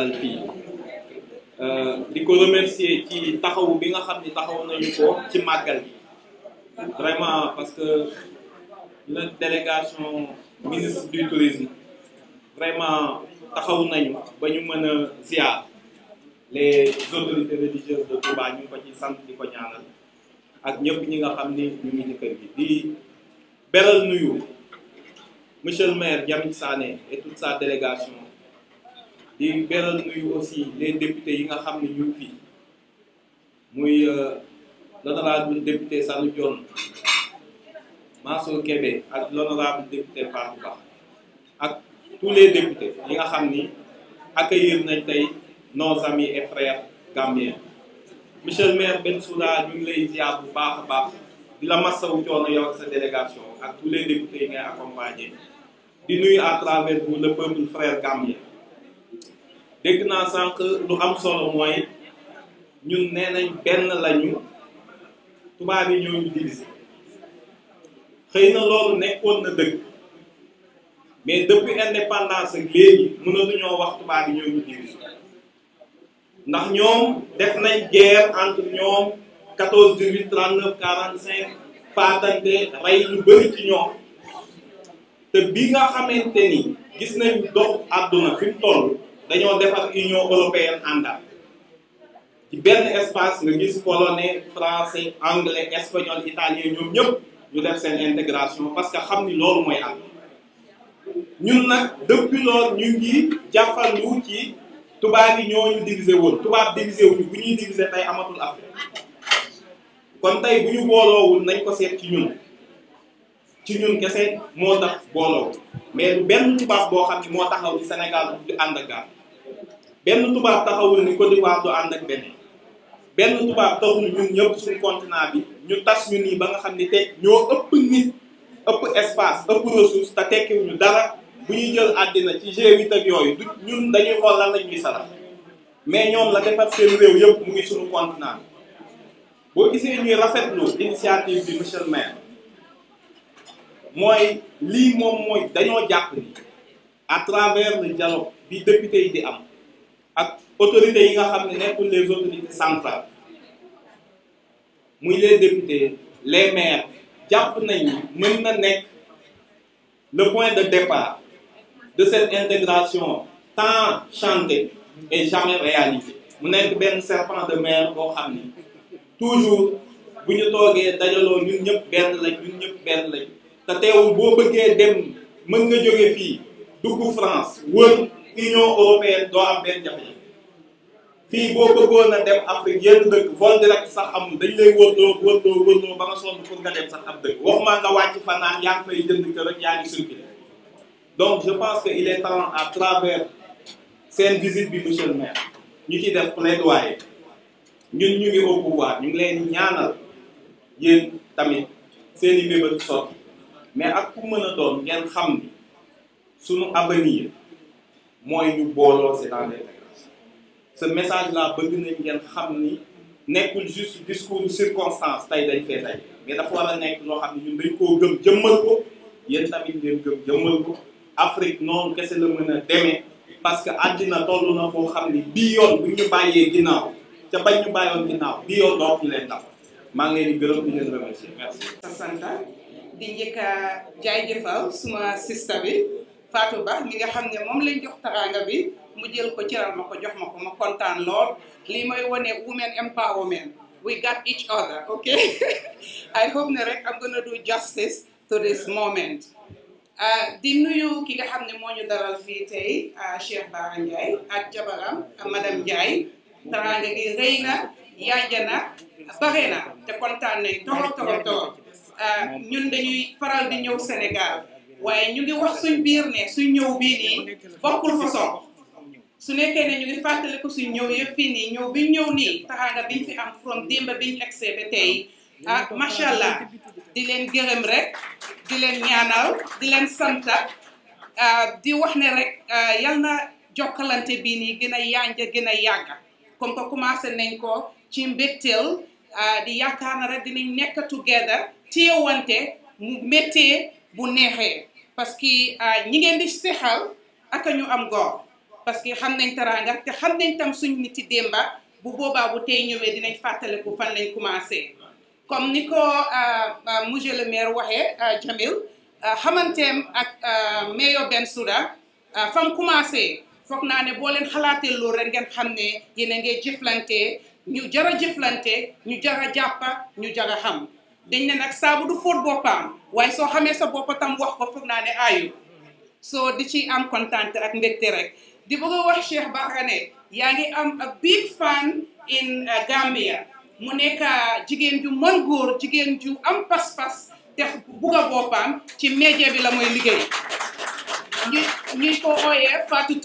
dalal fii euh, di ko remercier ci taxawu bi nga xam ni taxaw nañu ko ci màggal bi vraiment parce que la délégation ministre du tourisme vraiment taxaw nañu ba ñu mën a ziar les autorités religieuses de Touba ñu ngi ko ci sant di ko ñaanal ak ñëpp ñi nga xam ni ñu ngi di beral nuyu monsieur le maire Diamine Sané et toute sa délégation di beral nuyu aussi les députés yi nga xam ne ñu ngi fii muy euh, l'honorable député Sanu Dione Mansour Kébé ak l'honorable député Fatou Ba ak tous les députés yi nga xam ni accueillir nañ tey nos amis et frères gambiens monsieur le maire Bensouda ñu ngi lay ziar bu baax a baax di la massawu coono yow ak sa délégation ak tous les députés ngay accompagner di nuy à travers vous le peuple frère gambien dégg naa sànq lu am solo mooy ñun nee nañ benn lañu tubaab yi ñoo ñu divisé xëy na loolu nekkoon na dëgg mais depuis indépendance ak léegi mënatuñoo wax tubaab yi ñoo ñu divisé ndax ñoom def nañ guerre entre ñoom 14 18 39 45 paatante rey lu bëri ci ñoom te bi nga xamante ni gis nañ dox àdduna fi mu dañoo defar union européenne àndal ci benn espace nga gis polonais français anglais espagnol italien ñoom ñëpp ñu def seen intégration parce que xam ni loolu mooy am ñun nag depuis loolu ñu ngi jàppandu ci tubaab yi ñoo ñu divisé woon tubaab divisé wuñu bu ñuy divisé tey amatul Afrique kon tey bu ñu booloowul nañ ko seet ci ñun ci ñun kese moo tax booloo mais benn tubaab boo xam ne moo taxaw ci Sénégal du ànd ak benn tubaab taxawul ni Côte d'Ivoire du ànd ak benn benn tubaab taxul ñun ñëpp suñu continent bi ñu tas ñu nii ba nga xam ni te ñoo ëpp nit ëpp espace ëpp ressource te tekkiwuñu dara bu ñuy jël àddina ci G8 ak yooyu du ñun dañuy xool lan la ñuy sarax mais ñoom la defar seen réew yëpp mu ngi suñu continent bi boo gisee ñuy rafetlu initiative bi monsieur le mooy lii moom mooy dañoo jàpp ni à travers le bi député yi di am ak autorités yi nga xam ne nekkul les autorités centrales muy les députés les maires jàpp nañu mën na nekk le point de départ de cette intégration tant chantée et jamais réalisée mu nekk benn serpent de mer boo xam ne toujours bu ñu toogee dajaloo ñun ñëpp benn lañ ñun ñëpp benn lañ te teewul boo bëggee dem mën nga jóge fii dugg France wër union européenne doo am benn jafe fii boo bëggoon a dem Afrique yenn dëkk vol direct sax amul dañ lay wërloo wërloo wërloo ba nga sonn pour nga dem sax am dëkk waxuma nga wàcc fanaan yaa ngi fay jënd kër rek yaa ngi circulé donc je pense que il est temps à travers seen visite bi monsieur maire ñu ci def plaidoyer ñun ñu ngi au pouvoir ñu ngi leen ñaanal yéen tamit seen i mébét mais ak ku mën a doon ngeen xam ni sunu avenir mooy ñu booloo c'est dans ce message là bëgg nañ ngeen xam ni nekkul juste discours circonstance tey dañ fee tey mais dafa war a nekk loo xam ne ñun dañ koo gëm jëmmal ko yéen tamit ngeen gëm jëmmal ko Afrique noonu kese la mën a demee parce que àddina toll na foo xam ni bii yoon bu ñu bàyyee ginnaaw ca bañ ñu bàyyoon ginnaaw bii yoon doo fi leen maa ngi leen di gërëm remercier merci. sant di njëkk a jaajëfal suma sista bi. Fatou Ba mi nga xam ne moom lay jox taraanga bi mu jël ko cëral ma ko jox ma ko ma kontaan lool lii may wone women empowerment we got each other okay I hope ne rek I'm gonna do justice to this moment ah, di nuyu ki nga xam ne moo ñu daral fii tey ah, Cheikh Bara Ndiaye ak jabaram ah, madame Ndiaye taraanga gi rëy na yaaja bare na te kontaan nañ torop torop torop ñun dañuy faral di ñëw Sénégal waaye ñu ngi wax suñ biir ne suñ ñëw bii nii bokkul façon su nekkee ne ñu ngi fàttali ko suñ ñëw yëpp fii nii ñëw biñ ñëw nii taxaanga biñ fi am from démba biñ egsee ba tey ah macha allah di leen gërëm rek di leen ñaanal di leen santa ah, di wax ne rek ah, yal na jokkalante bii nii gën a yanja gën a yàgga comme que commencé nañ ko ci mbégteel ah, di yaakaar na rek dinañ nekk together téyewante mu méttee bu neexee parce que euh, ñi ngeen di sexal ak ñu am góor parce que xam nañ teraanga te xam nañ tam suñ nit yi démba bu boobaa bu tey ñëwee dinañ ku fan lañ commencé comme ni ko euh, euh, monsieur le maire waxee Jamil xamanteem ak mayor Bensouda fa mu commencé foog naa ne boo leen xalaatee loolu rek ngeen xam ne yéen a ngee jëflante ñu jar a jëflante ñu jar a jàppa ñu jar a xam dañ ne nag saabu du fóot boppam waaye soo xamee sa bopp tam wax ko foog naa ne aayu soo di ci am kontaan ak mbégte rek di bëgg a wax Cheikh Bara ne yaa ngi am a big fan in uh, Gambia mu nekk uh, jigéen ju mën góor jigéen ju am pas-pas te bugg a boppam ci média bi la mooy liggéey ñu ñuy ko ooyee Fatou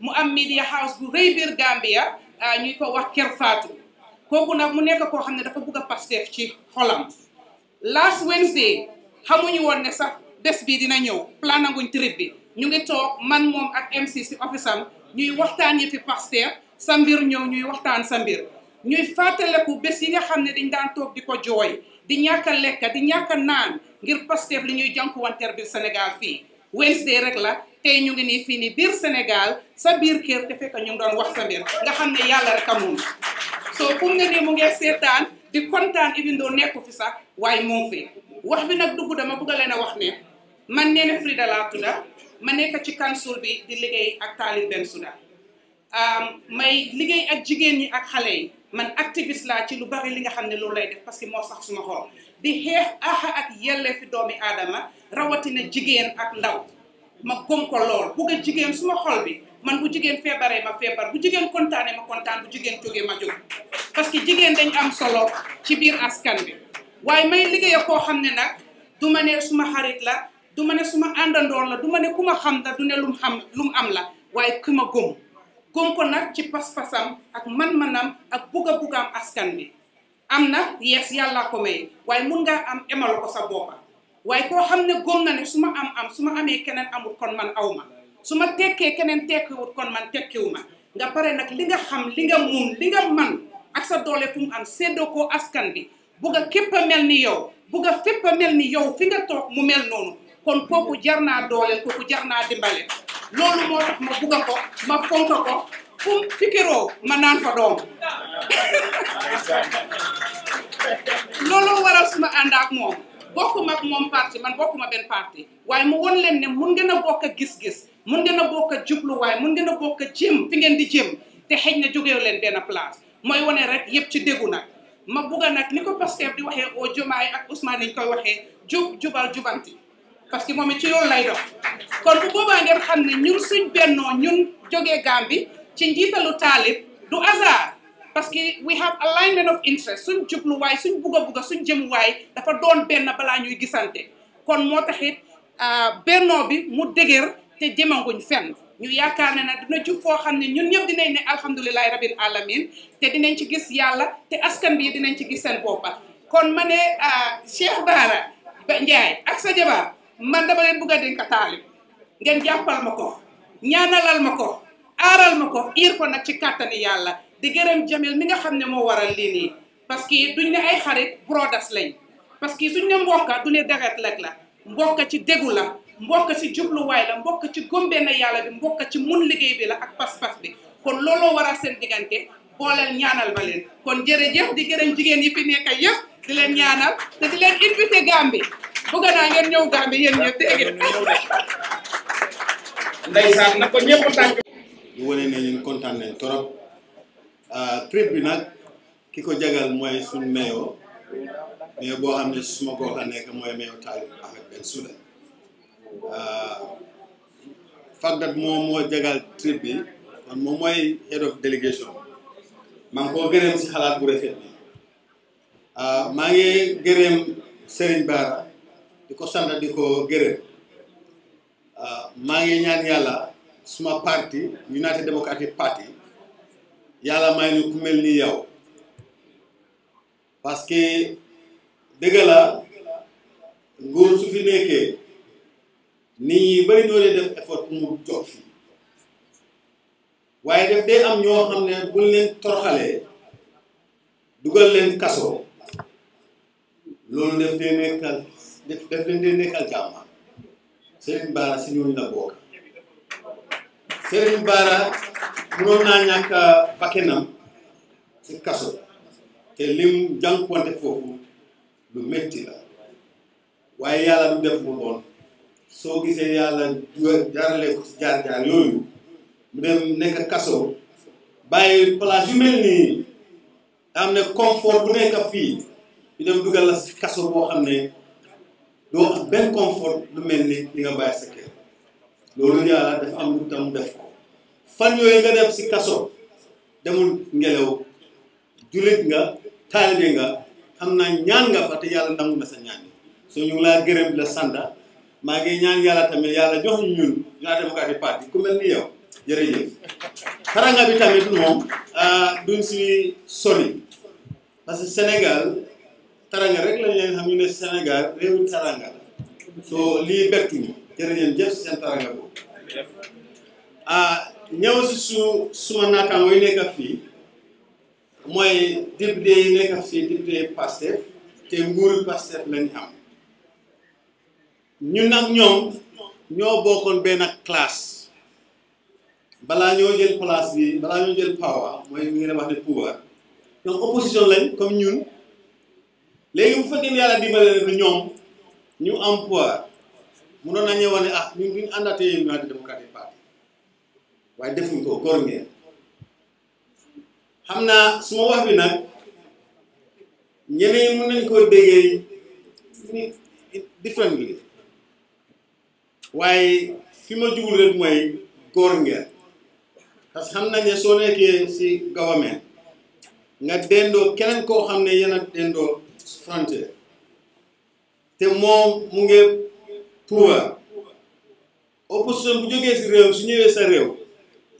mu am media house bu rëy biir gàmbia uh, ñuy ko wax Kër Fatou kooku nag mu nekk koo xam ne dafa bugg a Pastef ci xolam last Wednesday xamuñu woon ne sa bés bii dina ñëw planaguñ trip bi ñu ngi toog man moom ak MC si office am ñuy waxtaan yëfi Pastef sa mbir ñëw ñuy waxtaan sa mbir ñuy ku bés yi nga xam ne dañ daan toog di ko jooy di ñàkk a lekk di ñàkk naan ngir Pastef li ñuy jànkuwanteer biir Sénégal fii Wednesday rek la tey ñu ngi nii fii nii biir Sénégal sa biir kër te fekk ñu ngi doon wax sa mbir nga xam ne yàlla rek a mun soo fu mu ne nii mu ngi seetaan di kontaan even doo nekku fi sax waaye moo fi wax bi nag dugg dama bëgg leen a wax ne man nee na Frida laa tudda ma nekk ci council bi di liggéey ak Talib Bensouda may liggéey ak jigéen ñi ak xale yi man activiste laa ci lu bari li nga xam ne loolu lay def parce que moo sax suma xol bi xeex aaxa ak yelle fi doomi aadama rawatina jigéen ak ndaw ma gom ko lool bugg jigéen suma xol bi man bu jigéen feebaree ma feebar bu jigéen kontaanee ma kontaan bu jigéen jógee ma jóg parce que jigéen dañ am solo ci biir askan bi waaye may liggéeya koo xam ne nag du ma ne suma xarit la du ma ne suma àndandoon la du ma ne ku ma xam la du ne lum xam lum am la waaye ku ma gëm gëm ko nag ci pas-pasam ak man-manam ak bugg a buggaam askan bi am na yees yàllaa ko may waaye mun ngaa am emal ko sa boppa waaye koo xam ne gëm na ne su ma am am su ma amee keneen amul kon man aw ma su ma tekkee keneen tekkiwut kon man tekkiwu ma nga pare nag li nga xam li nga mun li nga man ak sa doole fu mu am séddoo ko askan bi bugg a képp a mel ni yow bugg a fépp a mel ni yow fi nga toog mu mel noonu kon kooku jar naa dooleel kooku jar naa dimbale loolu moo tax ma bugg a ko ma fonk ko fu fikiroo ma naan fa doom loolu waral suma ànd ak moom bokkuma ak moom parti man bokkuma benn parti waaye mu won leen ne mun ngeen a bokk a gis-gis mun ngeen a bokk a jubluwaay mun ngeen a bokk jëm fi ngeen di jëm te xëy na jógeewu leen benn place mooy wane rek yëpp ci déggu nag ma bugga nag ni ko Pastef di waxee au Jomaay ak Ousmane niñ koy waxee jub jubal jubanti parce que moom it ci yoon lay dox kon bu ngeen xam ne ñun suñ bennoo ñun jógee Gàmbi ci njiitalu taalib du hasard parce que we have alignment of interest suñ jubluwaay suñ bugg a bugg a suñ jëmuwaay dafa doon benn balaa ñuy gisante kon moo taxit euh, bennoo bi mu dëgër te jëmanguñ fenn ñu yaakaar ne nag dina jub foo xam ne ñun ñëpp dinañ ne alhamdulilahi rabbil alamin te dinañ ci gis yàlla te askan bi dinañ ci gis seen boppa kon ma ne ah, Cheikh Bara ba Ndiaye ak sa jabar man dama leen bugg a dénk taalib ngeen jàppal ma ko ñaanalal ma ko aaral ma ko iir ko nag ci kàttani yàlla di gërëm Jamil mi nga xam ne moo waral lii nii parce que du ñu ne ay xarit brodas lañ parce que suñ ne mbokka du ne deret lag la mbokka ci déggu la mbokk ci jubluwaay la mbokk ci gombe na yàlla bi mbokk ci mun liggéey bi la ak pas-pas bi kon looloo waral seen diggante booleel ñaanal ma leen kon jërëjëf di gërëm jigéen yi fi nekk yëpp di leen ñaanal te di leen invité Gambie bëgg naa ngeen ñëw Gambie yéen ñëpp dégg ndeysaan na ko ñëpp tànk ñu kontaan nañ torop ah, trip nag ki ko jagal mooy suñ meeyoo mais boo xam ne suma gox la nekk mooy meeyo Taalib Ahmed Ben Souda Euh, Faggat moom moo jagal trip bi kon mooy head of delegation maa koo gërëm si xalaat bu rafet bi euh, maa ngi gërëm Serigne Bara di ko sant di ko gërëm euh, maa ngi ñaan yàlla suma parti United Democratic Party yàlla may nu ku mel ni yow parce que nguur su fi nekkee. nii bari bëri ñoo leen def effort mu toog waaye daf day am ñoo xam ne buñ leen toroxalee dugal leen kaso loolu daf dee nekkal daf daf leen si ñooñu la bokk Serigne Bara mënoon naa ñàkk bakkenam si kaso te lim jànkuwante foofu lu métti la waaye yàlla du def mu bon soo gisee yàlla jaarale ko ci jaar-jaar yooyu mu dem nekk kaso bàyyi place yu mel nii am ne confort bu nekk fii ñu dem dugal la ci kaso boo xam ne doo am benn confort lu mel ni li nga bàyyi sa kër loolu yàlla dafa am lu tam def fan yooyu nga def ci kaso demul ngelaw jullit nga taalibe nga xam naa ñaan nga fa te yàlla nangu na sa ñaan so ñu laa gërëm la sanda maa ngi ñaan yàlla tamit yàlla jox ñun United Democratic Party ku mel ni yow jërëjëf bi tamit moom ah, duñ si sori parce que Sénégal taranga rek lañ leen xam ñu ne Sénégal réewu taranga la soo lii bettuñu jërëjëf jëf si seen taranga boobu ah, ñëw si su suma naataangoo yi nekk fii mooy député yi nekk fii député Pastef te nguuru Pastef lañ am. ñun nag ñoom ñoo bokkoon benn classe balaa ñoo jël place bi balaa ñoo jël power mooy li ngeen wax ne pouvoir ñoom opposition lañ comme ñun léegi bu fekkee yàlla dimbale leen ñoom ñu am pouvoir mënoon na ñëw ne ah ñun duñu àndaatee yéen ñoo di Democratic ko góor ngeen xam naa suma wax bi nag ñeneen mën nañ koo déggee ni differently waaye fi ma jugul rek mooy góor ngeen parce que xam nañ ne soo nekkee si government nga dendoo keneen koo xam ne yéen a dendoo frontière te moom mu ngi pouvoir opposition bu jógee si réew su ñëwee sa réew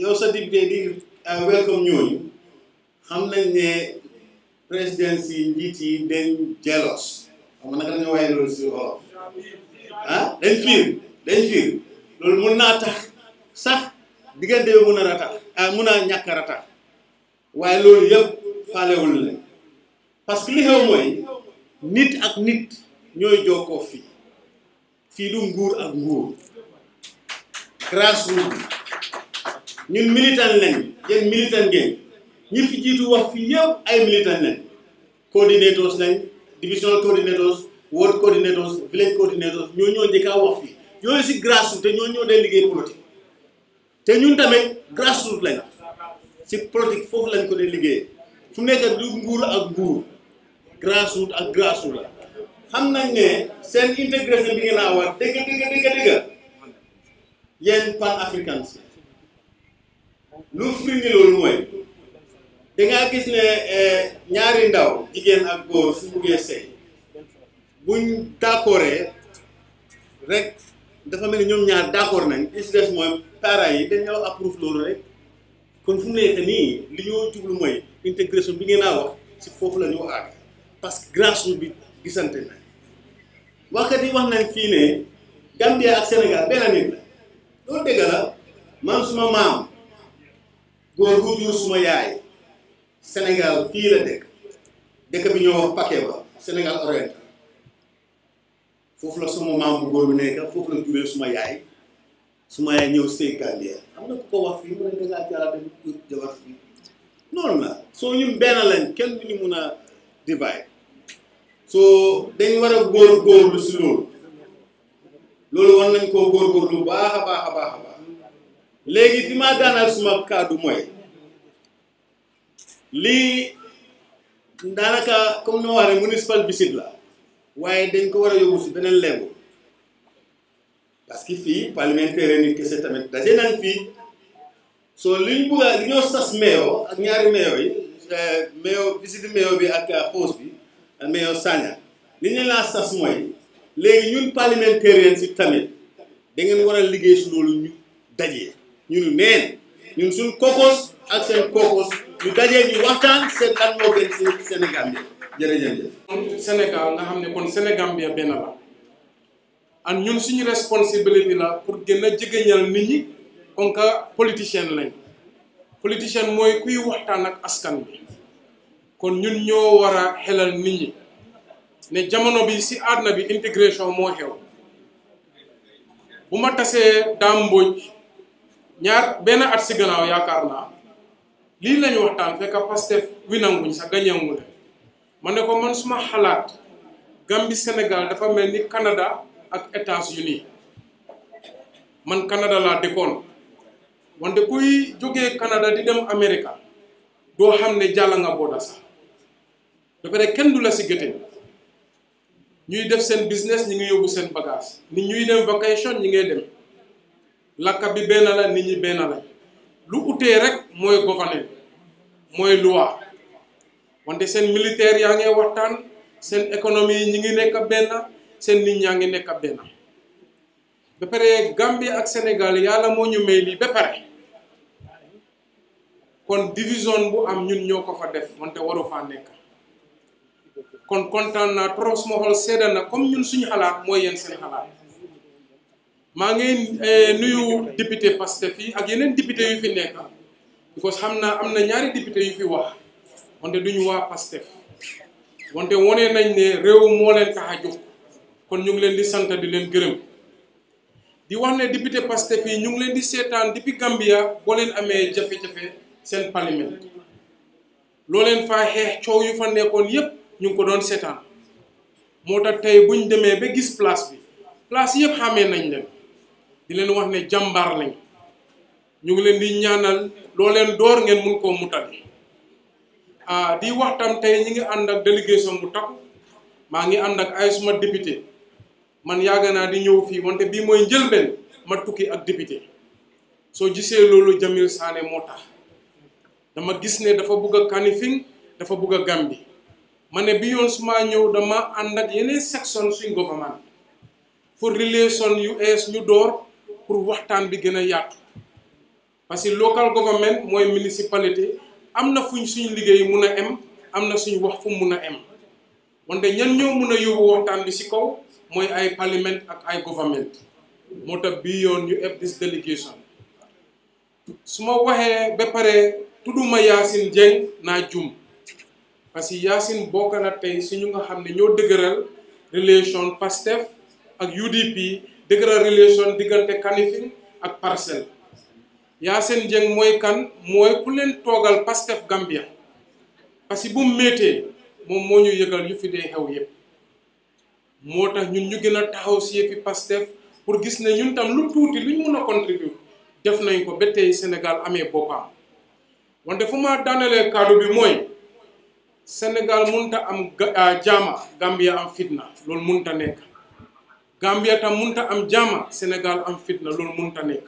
yow sa député di euh, welcome ñooñu xam na ne présidence si njiit yi dañ jelos xam nga naka la ñu loolu si wolof ah dañ fiir day fiir loolu mun naa tax sax diggante mun a ratax ah mun a ñàkk ratax waaye loolu yëpp faalewul la parce que li xew mooy nit ak nit ñooy jokkoo fii fii du nguur ak nguur grassroots ñun militant lañ yéen militant ngeen ñi fi jiitu wax fii yëpp ay militant lañ coordinators lañ division coordinators ward coordinators village coordinators ñoo ñoo njëkk wax fii yooyu si grassroots te ñoo ñoo dee liggéey politique te ñun tamit grassroots lañ si politique foofu lañ ko dee liggéey su nekk du nguur ak nguur grassroots ak grassroots la xam nañ ne seen intégration bi ngeen a war dëgg dëgg dëgg dëgg yéen pan africains lu firnde loolu mooy dangaa gis ne eh, ñaari ndaw jigéen ak góor su buggee sëy buñ d'accordee rek dafa mel ni ñoom ñaar d'accord nañ li si des mooy parents yi dañ la approuve loolu rek kon fu mu nekk nii li ñoo jublu mooy intégration bi ngeen a wax si foofu la ñu aag parce que grâce bi gisante na waxkat yi wax nañ fii ne Gambia ak Sénégal benn nit la loolu dëgg la maam suma maam góor gu jur suma yaay Sénégal fii la dëkk dëkk bi ñoo Paquet ba Sénégal oriental foofu la sama maam góor bi nekk foofu la juree suma yaay suma yaay ñëw sëy Gambia am na ku ko wax fii mu ne dangaa jàllale noonu la soo ñun benn lañ kenn bi ñu mun a divide soo dañ war a góorgóorlu si loolu loolu war nañ koo góorgóorlu góor a baax a baax a baax léegi fi maa daanal suma kàddu mooy lii daanaka comme ni ma waxee municipal visite la. waaye dañ ko war a yóbbu si beneen lengu parce que fii parlementaire yi kese tamit daje nañ fii soo liñ bugg a li ñoo sas meyo ak ñaari meyo yi eh, meyo visite meyo bi ak eh, pause bi meyo Sanya li ñu laa sas mooy léegi ñun parlementaire si tamit da ngeen war a liggéey si loolu ñu dajee ñunu neen ñun suñ kokos ak seen kokos ñu dajee ñu waxtaan seen lan moo gën si Sénégal jërëjëf. kon Sénégal nga xam ne kon Sénégambia benn la ak ñun suñu responsabilité la pour génn a jegeñal nit ñi kon ka politicien lañ politicien mooy kuy waxtaan ak askan bi kon ñun ñoo war a xelal nit ñi ne jamono bi si àdduna bi intégration moo xew bu ma tasee Dame Mbodj ñaar benn at si gannaaw yaakaar naa lii lañu waxtaan fekk Pastef winanguñ sax gañanguñ ma ne ko man suma xalaat Gambie Sénégal dafa mel ni Canada ak États-Unis man Canada laa dëkkoon wante kuy jógee Canada di dem Amérique doo xam ne jàll nga booda sax ba pare kenn du la si gëtëñ ñuy def seen business ñu ngi yóbbu seen bagage ni ñuy dem vacation ñi ngay dem lakka bi benn la nit ñi benn la lu utee rek mooy governance mooy loi wante seen militaire yaa ngi waxtaan seen économie yi ñi ngi nekk benn seen nit ñaa ngi nekk benn ba pare Gambie ak Sénégal yàlla moo ñu may lii ba kon division bu am ñun ñoo ko fa def wante waru faa nekk kon kontaan naa trop suma xol sedda na comme ñun suñu xalaat mooy yéen seen xalaat maa ngi eh, nuyu député Pastef yi ak yeneen député yu fi nekk because xam naa am na ñaari député yu fi wax wante duñu waa Pastef wante wone nañ ne réew moo leen tax a jóg kon ñu ngi leen di sant di leen gërëm di wax ne député Pastef yi ñu ngi leen di seetaan depuis Gambia boo leen amee jafe-jafe seen parlement loo leen faa xeex coow yu fa nekkoon yépp ñu ngi ko doon seetaan moo tax tey buñ demee ba gis place bi place yépp xamee nañ leen di leen wax ne jàmbaar lañ ñu ngi leen di ñaanal loo leen door ngeen mun koo mutali Ah, di waxtaan tam ñi ngi ànd ak délégation bu takku maa ngi ànd ak ay suma député man yàgg naa di ñëw fii wante bii mooy njëlbeen ma tukki ak député soo gisee loolu Jamil Sané moo tax dama gis ne dafa bugg a Kanifing dafa bugg a Gambie ma ne bi yoon suma ñëw dama ànd ak yeneen section suñ gouvernement pour relation yu ees ñu door pour waxtaan bi gën a yaatu parce que local government mooy municipalité am na fuñ suñu liggéey mun a em am na suñu wax fu mun a em wante ñan ñoo mën a yóbbu waxtaan bi si kaw mooy ay parlement ak ay government moo tax bii yoon ñu eb this delegation su ma waxee ba pare tudduma Yacine Dieng naa jum parce que Yacine bokk na tey si ñu nga xam ne ñoo dëgëral relation PASTEF ak UDP dëgëral relation diggante Kanifing ak Parcelles yaa seen Dieng mooy kan mooy ku leen toogal Pastef Gambia parce que bu mu méttee moom moo ñu yëgal yu fi dee xew yëpp moo tax ñun ñu gën a taxaw si yëfi Pastef pour gis ne ñu tam lu tuuti lu ñu mun a contribuer def nañ ko ba senegal amee boppam wante fu ma daanelee kàddu bi mooy Sénégal munta am ah, jaama Gambia am fitna loolu munta nekk Gambia tam munta am jaama senegal am fitna loolu munta nekk.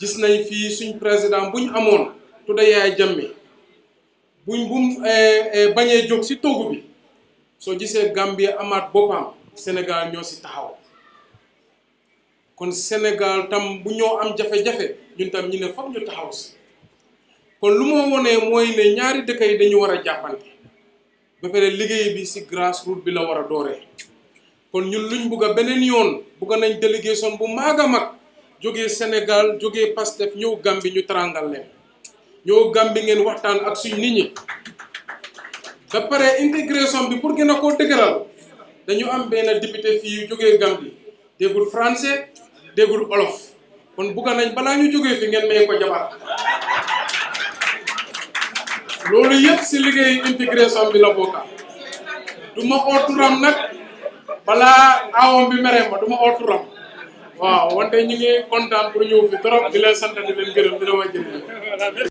gis nañ fii suñ président bu ñu amoon tudda Yaya mi buñ bu mu eh, eh, bañee jóg si toogu bi soo gisee Gambie amaat boppam Sénégal ñoo si taxaw kon Sénégal tam bu ñoo am jafe-jafe ñun tam ñu ne foog ñu taxaw si kon lu ma wonee mooy ne ñaari dëkk yi dañu war a jàppante ba pare liggéey bi si grassroots bi la war a dooree kon ñun luñ bugg a beneen yoon bugg nañ délégation bu maag a mag jógee Sénégal jógee Pastef ñëw Gambi ñu tarangal leen ñëw Gambi ngeen waxtaan ak suñ nit ñi ba intégration bi pour gën a koo dëgëral dañu am benn député fii yu jógee Gambi déggul français déggul olof kon bugga nañ balaa ñu jógee fi ngeen may ko jabar loolu yëpp si liggéey intégration bi la bokka du ma ooturam nag balaa aawam bi mere ma du ma ooturam waaw wante ñu ngi kontaan pour ñëw fi trop di leen sant di leen gërëm di la